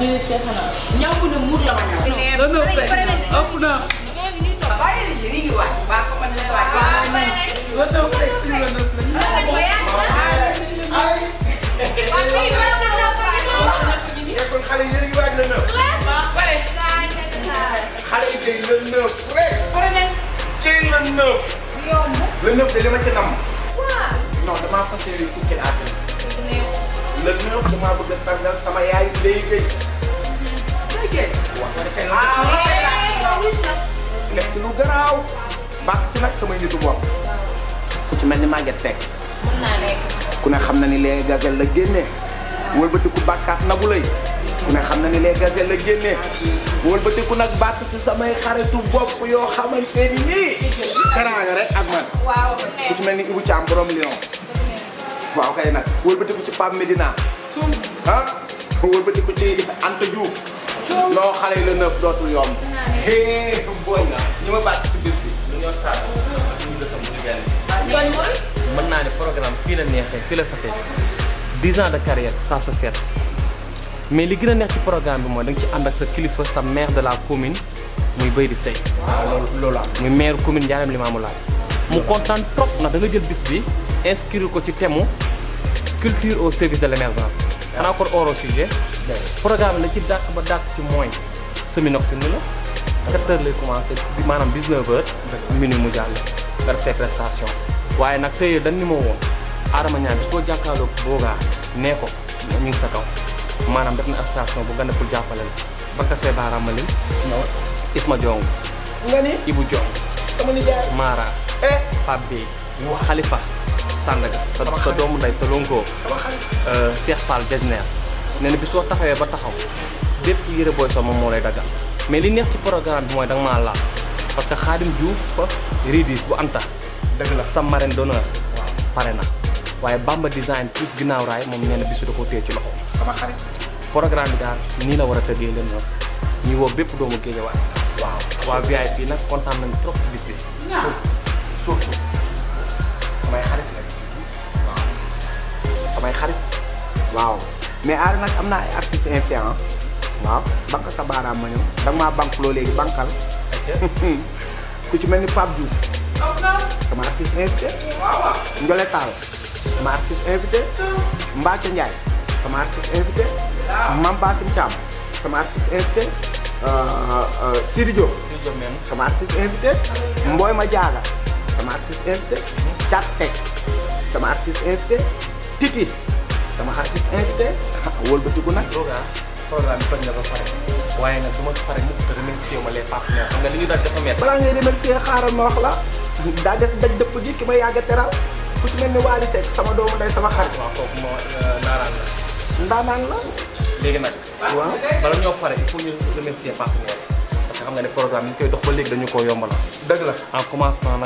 déedéet fekk naa. ñaw bu ne muur la ma ñaw. dana fekk ëpp naa. xale yi tey le neuf. ci le neuf. yomb. le neuf de dama ca nam. non damaa fas yéene pour kenn àggal. le neuf damaa bëgg a sàngal sama yaay day béy. quê? Boa, agora é lá. Tu es un baax ci nag sama nitu bopp ku ci mel Tu es un ku ne xam na ni les gazelles la génnee Tu es un lay ku ne xam na ni les gazelles la Tu es un bàkk ci samay xaritu bopp yoo xamante ni teraanga Tu es un ku ci mel ni Ibou Thiam borom Lyon waaw Tu es un ci Pape Medina ah wëlbatiku ci Anta Diouf non xale yi la mën naa ne programme fii la neexee fii la safee dix de carrière ça se fait mais li gën a neex ci programme bi mooy da ci ànd sa kilifa sa maire de la commune muy Baydi Seye. waaw ah, loolu loolu muy maire commune Ndiarème Limamoulaye. mu kontaan trop ndax da nga jël bis bi inscrire ko ci thème culture au service de l' émergence. Ah. xanaa kon oro sujet programme la ci dàq ba dàq ci mooy semi nocturne la 7 h lay commencé manam 19 heures minuit mu jall vers ses prestations waye nak tey dañ ni mo won arama ñaan ko boo boga boogaa ko ñu sa kaw manam def na association bu gën a pour jàppale sé barama Baara no Isma Jong nga ni Ibu Jong sama jaar Mara Pape ñu Khalifa Sandaga sa doomu nday sa euh Cheikh Fall Desner nee bi soo taxawee ba taxaw bépp yëre booy sol moom moo lay daggal mais li neex ci programme bi mooy danga maa laal parce que Xaadim Diouf fa Ridis bu Anta. dëgg la sa marraine d'honneur. pare na waaye Bamba design plus ginnaaw raay moom nee na bisu da koo téye ci loxo. sama xarit programme bi daal nii la war a tëggee leen ñoom ñuy bépp doomu Géejawaay. waaw waa VIP bi. surtout samay xarit lañu. waaw samay xarit waaw. mais aar nag am naa ay artistes influents waaw banque sa baaraam ma ñëw danga maa banque loo léegi bankal ku ci mel ni Pape Diouf sama artiste invité Ndiolé Tall sama artiste invité Mbathio Ndiaye sama artiste invité Mame Bassim Thiam sama artiste invité euh, euh, Sidi Diop sama artiste invité Mboy Madiaga sama artiste invité mhm. Thiat Seck sama artiste invité Titi sama artis aja deh wëlbatiku nag looga programme toj na ba pare waaye nag du ma pare mukk te remercier ma les partenaires xam nga li ñu daj dafa métti balaa ngay remercier xaaral ma wax la daa des sama dua day sama xarit waaw kooku moo eh, naran la ndaanaan la léegi nag waaw bala ñoo pare il faut ñu remercier partenaires parce que xam nga ne programme dan ñu koy dox ba léegi dañu koo yombal dëgg la en commençant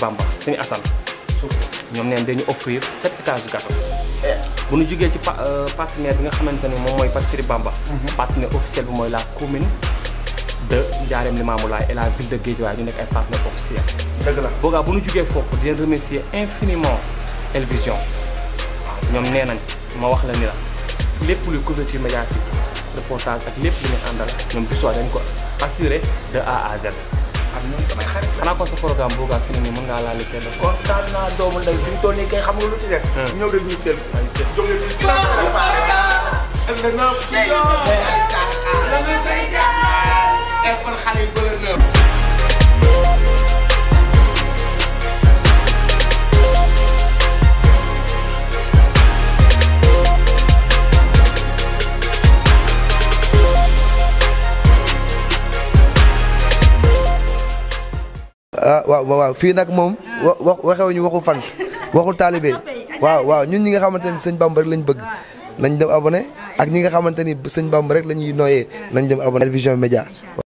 Bamba ñom neen dañu offrir sept étages gâteau bu ñu jugee ci euh, partenaire bi nga xamante mom moy mooy Bamba mhm. partenaire officiel bu moy la commune de Ndiarème Limamoulaye et la ville de Guédiawaye ñu nek ay partenaire officiel dëgg la boogaa bu ñu jugee foofu di leen remercier infiniment Elvision ñom ñoom nañ ma wax la ni la lepp lu couverture médiatique reportage ak lepp lu ñu andal ñom bisoo dañ ko assurer de A à Z Karena samay xarit xana ko sa programme bu ga Karena ni mën nga la lycée do contant na doomu nday fi to kay xam nga lu ci dess ñew rek ñu ay ñu ci la la la waaw waaw fii nag moom. Ah. wa waxewuñu waxu fans waxu taalibe waaw waa ñun ñi nga xamante ni sëñ Bamba lañ bëgg. nañ dem abonné ak ñi nga xamante ni sëñ Bamba rek la ñuy nooyee ah. nañ dem abonné. Elvision Média